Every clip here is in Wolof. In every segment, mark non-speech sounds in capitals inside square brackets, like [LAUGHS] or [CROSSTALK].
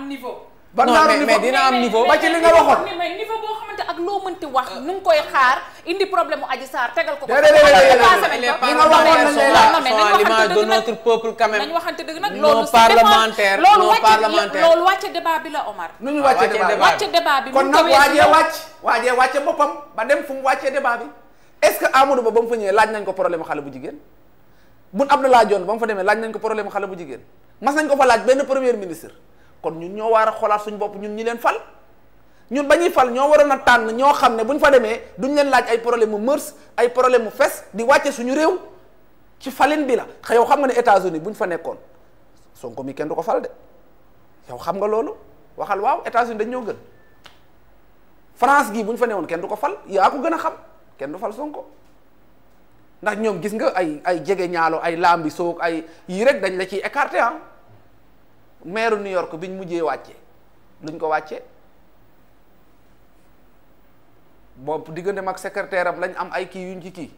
am niveau. ba naaru niveau mais dina am li nga wax nu ngi koy xaar indi problème mu ko. déedéet déedéet déedéet li nga waxoon la l'image de notre peuple quand même. nañu waxante dëgg nag loolu si parlementaire loolu wàcce loolu wàcce débat bi la Omar. nu ñu wàcce débat bi wàcce kon nag waajee wàcc waajee wàcce ba dem fu mu wàccee débat bi est-ce Ba ba mu fa ñëwee laaj nañ ko problème xale bu jigéen Boun Abdallah Dionne ba mu fa demee laaj nañ ko problème xale bu jigéen mas nañ ko fa laaj benn premier ministre kon ñun ñoo waar a xoolaat suñu bopp ñun ñu leen fal ñun ba fal ñoo waroon a tànn ñoo xam ne bu fa demee duñ leen laaj ay problème mu mërs ay problème mu fes di wàcce suñu réew ci falin bi la yow xam nga ne états bu ñu fa nekkoon Sonko mi kenn du ko fal de yow xam nga loolu waxal waaw États-Unis dañ ñoo gën France gii bu fa newoon kenn du ko fal yaa ko gën a xam kenn du fal Sonko ndax ñoom gis nga ay ay jege ñaalo ay lambi soog ay yii rek dañ la ciy écarté ah. maire New York biñ mujjee wàcce luñ ko wàcce boobu diggante mag secrétaire am lañ am ay kii yuñ ci kii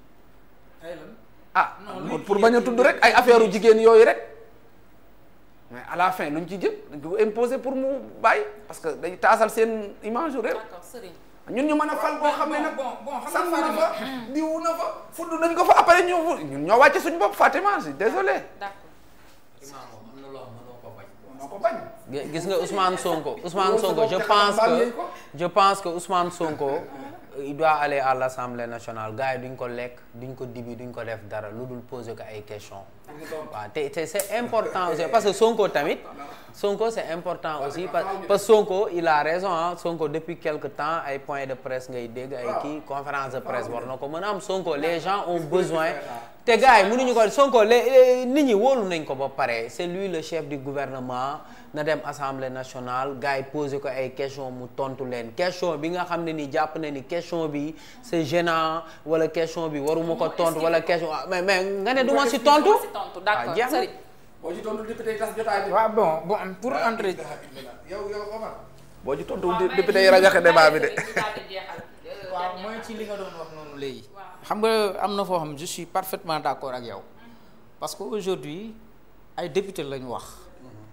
ah pour bañ a tudd rek ay affaire u jigéen yooyu rek mais à la fin luñ ci jëm dañ ko imposer pour mu bàyyi parce que day taasal seen image réew ñun ñu mën a fal boo xam ne nag sànni na fa diwu na fa fudd nañ ko fa après ñu ñun ñoo wàcce suñu bopp Fatima désolé ko gis nga Ousmane Sonko Ousmane Sonko je pense que je pense que Ousmane Sonko. il doit aller à l'Assemblée nationale gars yi duñ ko lekk duñ ko dibi duñ ko def dara lu dul poser ko ay questions. waaw ah, te te important aussi parce que Sonko tamit Sonko c' important aussi parce que Sonko il a raison ah Sonko depuis quelque temps ay point de presse ngay dégg ay kii conférence de presse war ko mën am Sonko les gens ont besoin [LAUGHS] te gars yi mënuñu ko Sonko les nit ñi wóolu nañ ko ba pare c' est lui le chef du gouvernement na dem assemblée nationale gars yi posé ko ay question mu tontu leen question bi nga xam ne ni jàpp na ni question bi c' est wala question bi waruma ko tontu wala question mais mais nga ne du ma tontu ah, d'accord sëriñ. boo ci tontu bon bon pour ah, entrer. yow yow Omar. boo ci tontu député yi rajaxe débat bi [LAUGHS] euh, ci li nga doon wax noonu léegi. xam nga am na foo xam je suis parfaitement d'accord ak yow. parce que aujourd'hui ay député lañu wax. Mhm.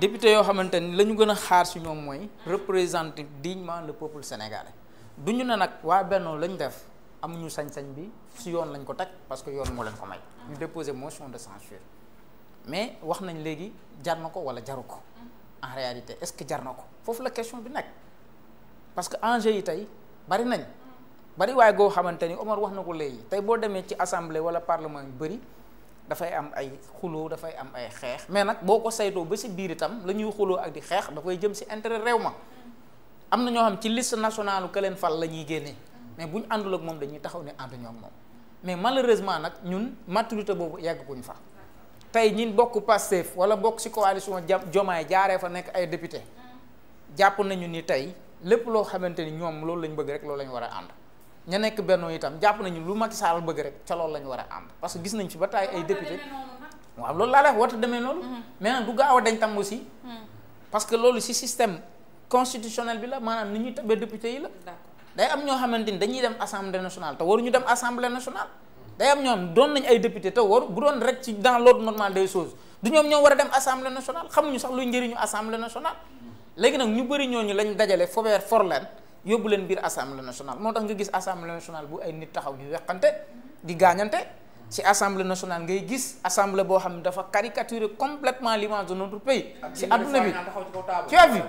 député yoo xamante ni la gën a xaar si ñoom mooy représenter dignement le peuple sénégalais. duñu ne nag waa Benno lañ def. ñu sañ-sañ bi si yoon lañ ko teg parce que yoon moo leen ko may ñu déposer motion de censure mais wax nañ léegi jar na ko wala jaru ko en réalité est-ce que jar na ko foofu la question bi nekk parce que enjeu yi tey bari nañ bari waaye goo xamante ni Omar wax na ko léegi tey boo demee ci assemblée wala parlement yu bëri dafay am ay xuloo dafay am ay xeex mais nag boo ko saytoo ba si biir itam la ñuy xuloo ak di xeex dafay jëm si intérêt réew ma am na ñoo ci liste nationale ka leen fal la ñuy génnee mais bu ñu àndul ak moom dañuy taxaw ne ànduñoo ah ak moom mais malheureusement nag ñun maturité boobu yàgg kuñ fa tey ñin bokk Pastef wala bokk ci coalition jomaay jaaree fa nekk ay député jàpp nañu ni tey lépp loo xamante ni ñoom loolu lañ bëgg rek loolu lañu war a ànd ña nekk Benno itam jàpp nañu lu Macky Sall bëgg rek ca loolu lañ war a ànd parce que gis nañ fi ba taay ay député waaw loolu laa def warta demee noonu mm-hmm. mais nag du gaaw a dañ tam aussi mm-hmm. parce que loolu ci système constitutionnel bi la maanaam ni ñuy tabee député yi la day am ñoo xamante ni dañuy dem assemblée nationale te waruñu dem assemblée nationale day am ñoom doon nañ ay député te waru bu doon rek ci dans l'ordre normal des choses du ñoom ñoom war a dem assemblée nationale xamuñu sax luy njëriñu assemblée nationale léegi nag ñu bëri ñooñu lañ dajale fobeer for leen yóbbu leen biir assemblée nationale moo tax nga gis assemblée nationale bu ay nit taxaw ñu weqante di gaañante si assemblée nationale ngay gis assemblée boo xam ne dafa caricaturer complètement l'image de notre pays adduna bi tu as vu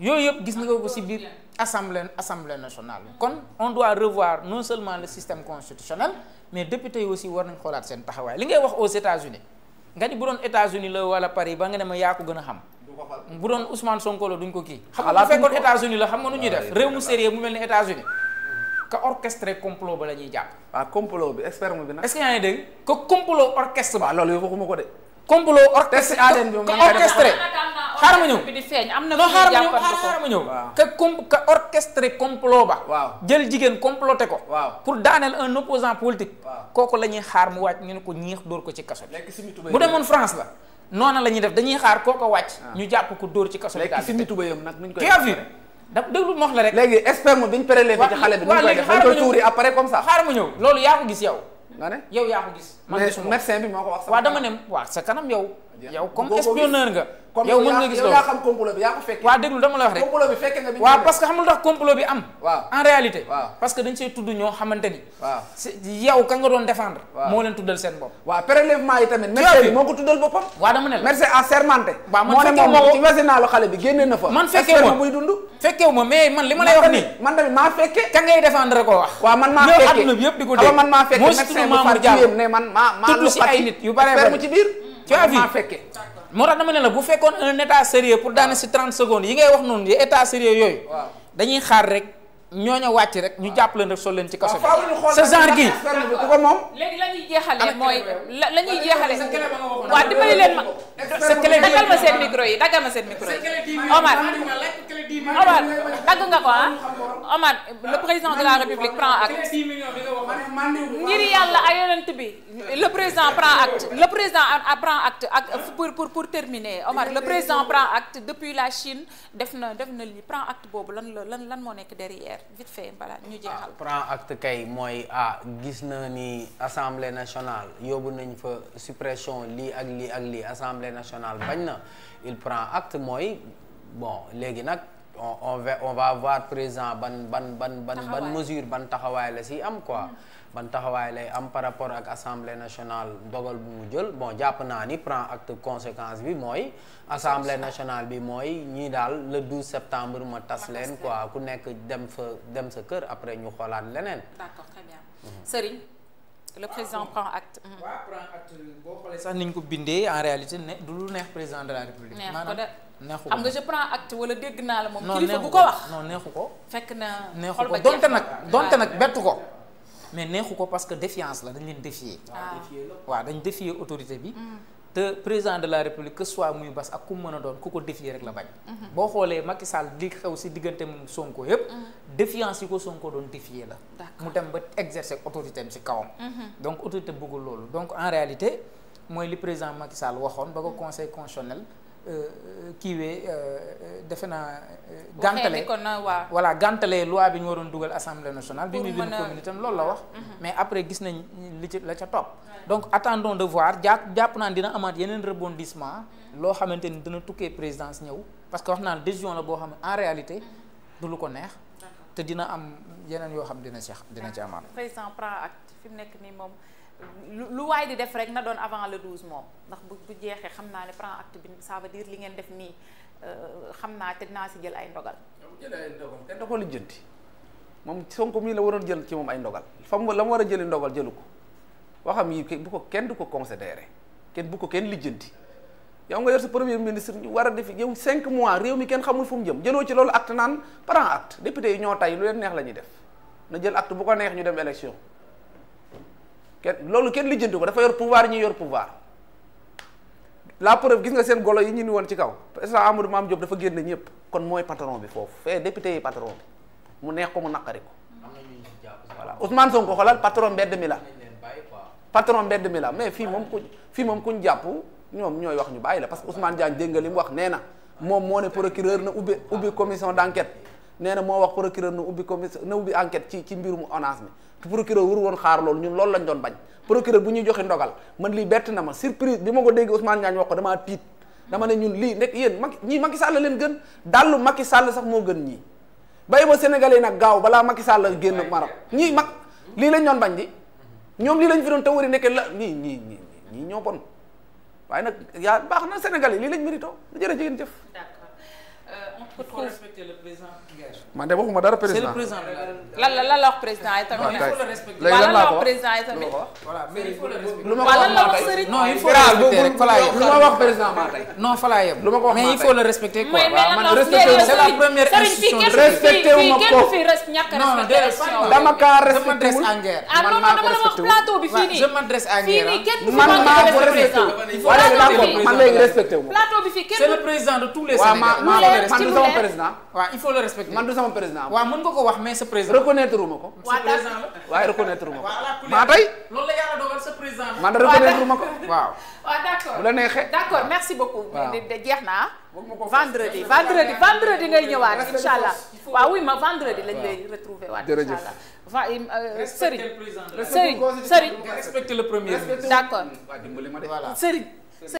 yooyu yëpp gis nga ko ci biir assemblée assemblée nationale kon on doit revoir non seulement le système constitutionnel mais député yi aussi war nañ xoolaat seen taxawaay li ngay wax aux États-Unis nga ni bu doon États-Unis la wala Paris ba nga ne ma yaa ko gën a xam bu doon Ousmane Sonko duñ ko kii xam nga bu fekkoon États-Unis nga nu ñuy ah, def réew mu sérieux mu mel ni États-Unis ka orchestré complot ba la ñuy jàpp waaw ah, complot bi expert mu bi nag est-ce que yaa orchestre ko de complot xaaral ma ñëw non xaaral ma ñëw xaaral ma ñëw que complot ba jël jigéen comploté ko waaw pour daaneel un opposant politique kooku la ñuy xaar mu wàcc ñu ne ko ñiix dóor ko ci kaso bi bu demoon France la noona la ñuy def dañuy xaar kooko wàcc ah. ñu jàpp ko dóor ci kaso bi daal ki a vu da déglu ma wax la rek léegi sperme bi ñu prélevé ci xale bi waaw léegi xaaral ma ñëw comme ça xaaral ma ñëw loolu yaa ko gis yow nga ne yow ko gis man gisuma médecin dama ne waaw sa kanam yow yow comme espionneur nga. yow mën nga gis loolu yow yaa xam complot bi yaa ko fekkee. dama la wax rek complot bi fekkee nga. bi waaw am. en réalité. waaw parce que dañ see tudd ñoo xamante ni. waaw doon défendre. moo leen tuddal seen bopp. waaw prélèvement yi tamit. mercier bi moo ko tuddal ne la mercier assermenté. waaw man fekkee moo ko bi génne na fa. man fekkee moo buy dund. fekkee ma mais man li ma lay nii. maa fekkee. ka ngay défendre ko wax. man maa fekkee moo si tudd Mamour moo si ay nit yu bare bare tu as vu fekkee moo tax dama ne la bu fekkoon un état sérieux pour daana si 30 secondes yi ngay wax noonu yi état sérieux yooyu dañuy xaar rek ñooñu wàcc rek ñu jàpp leen rek sol leen ci kaso bi ce genre gi léegi la ñuy la ñuy jeexalee waa dimbali leen ma daggal ma seen micro yi daggal ma seen micro yi Omar Omar dagg nga ko ah Omar le président de la République prend acte ngir yàlla ay bi le président prend acte le président prend acte ak pour pour terminer Omar le président prend acte depuis la Chine def na def na li prend acte boobu lan la lan lan moo nekk derrière vite fait balaa ñu ah, jeexal prend acte kay mooy ah, gis naa ni assemblée national yóbbu nañ fa suppression lii ak lii ak lii assemblée assemblée nationale bañ na il prend acte mooy bon léegi nag on on va on va voir président ban ban ban ban ban mesure ban taxawaay la si am quoi mm-hmm. ban taxawaay lay am par rapport ak assemblée nationale dogal bu mu jël bon jàpp naa ni prend acte conséquence bi mooy assemblée nationale bi mooy ñii daal le 12 septembre ma tas leen quoi ku nekk dem fa dem sa kër après ñu xoolaat leneen le président ah, prend acte. Mm-hmm. waaw prend acte sax niñ ko bindee en réalité ne du lu neex président de la république. maanaam neexu ko xam nga je prends acte wala dégg naa la moom. kilifa bu ko wax non neexu ko. fekk na xol ba jeex donte nag donte nag bettu ko. mais neexu ko parce que défiance la dañ leen défier. Ah. waaw waaw dañ défier autorité bi. Mm. te président de la république que soit muy bas ak ku mën a doon ku ko défier rek la bañ. Mhm. boo xoolee Macky Sall li xew si diggante moom Sonko yépp mhm. défiance yi ko Sonko doon défier la. mu dem ba exercer autorité am si kawam. Mhm. donc autorité bëggul loolu donc en réalité mooy li président Macky Sall waxoon ba ko conseil constitutionnel. kiiwee euh, euh, defe euh, na gàntale bu voilà gàntale loi bi ñu waroon dugal assemblée nationale. bi muy bind commune itam loolu la wax. Mhm. mais après gis nañ li ci la ca topp. donc attendon de voir jàpp jàpp naan dina amaat yeneen rebondissement. Mhm. loo xamante ni dina tukkee présidence ñëw parce que wax naa décision la boo xam ne en réalité mhm. du lu ko neex. te dina am yeneen yoo xam dina ci dina ci amaat. lu waaye di def rek na doon avant le 12 moom ndax bu bu jeexee xam naa ne prend acte bi saaba veut li ngeen def nii euh, xam naa te naa si jël ay ndogal. da ko lijjanti moom Sonko mii la waroon jël ci moom ay ndogal fa mu la mu war a jëli ndogal jëlu ko waxam yi bu ko kenn du ko considéré kenn bu ko kenn lijjanti yow nga yor sa premier ministre ñu war a def yow 5 mois réew mi kenn xamul fu mu jëm jëloo ci loolu acte naan prend acte député yi ñoo tay lu leen neex la ñuy def na jël acte bu ko neex ñu dem élection. kenn loolu kenn lijjanti ko dafa yor pouvoir ñi yor pouvoir la preuve gis nga seen golo yi ñu ni woon ci kaw président Amadou am jot dafa génn ñëpp kon mooy patron bi foofu fee député yi patron bi mu neex ko mu naqari ko voilà Ousmane Sonko xoolal patron mbedd mi la patron mbedd mi la mais fii moom ku fii moom kuñ jàpp ñoom ñooy wax ñu bàyyi la parce que Ousmane Diagne dégg nga li mu wax neena moom moo ne procureur na ubbi ubbi commission d' enquête nee na moo wax procureur na ubbi commission na ubbi enquête ci ci mbirum ONAS mi procureur wur woon xaar loolu ñun loolu lañ doon bañ procureur bu ñuy joxe ndogal man lii bett na ma surprise bi ma ko dégg Ousmane Niagne wax ko tiit dama ne ñun lii nekk yéen Macky ñii Macky Sall leen gën dallu Macky Sall sax moo gën ñii bàyyi ba sénégalais nag gaaw balaa Macky Sall génn marab ñii mag lii lañ doon bañ di ñoom lii lañ fi doon tawari nekke la ñii ñii ñii ñii ñoo bon waaye nag yaa baax na sénégalais lii lañ mérito jërëjëf jëf pour trouver. il faut respecter le président. man de waxuma dara président c'est le président lan la lan la wax président yi tamit. il faut le respecter léegi lan la wax président yi tamit. voilà mais il faut le respecter. lu ma ko wax maa tey non il faut le respecter rek fa laa yem. lu ma wax président maa tey. non fa laa yem. lu ma ko wax maa tey mais il faut le respecter quoi. waaw man respecté wu c'est la première institution. respecté wu ma ko non déedéet dama kaa respecté wul. Ah, man maa ko respecté wul je m'adresse à Nguer man maa ko respecté wul. man léegi respecté wu ma ko. c'est le président de tous les Sénégalais. sama président waaw il faut le respecter man du sama président waaw mën nga ko wax mais sa président reconnaître uma ko ko maa tey man da reconnaître uma ko waaw waaw la neexee d'accord merci beaucoup jeex naa ah. vendredi vendredi ngay ñëwaat incha allah waaw oui ma vendredi lañ lay retrouver waat incha allah va euh, sëriñ sëriñ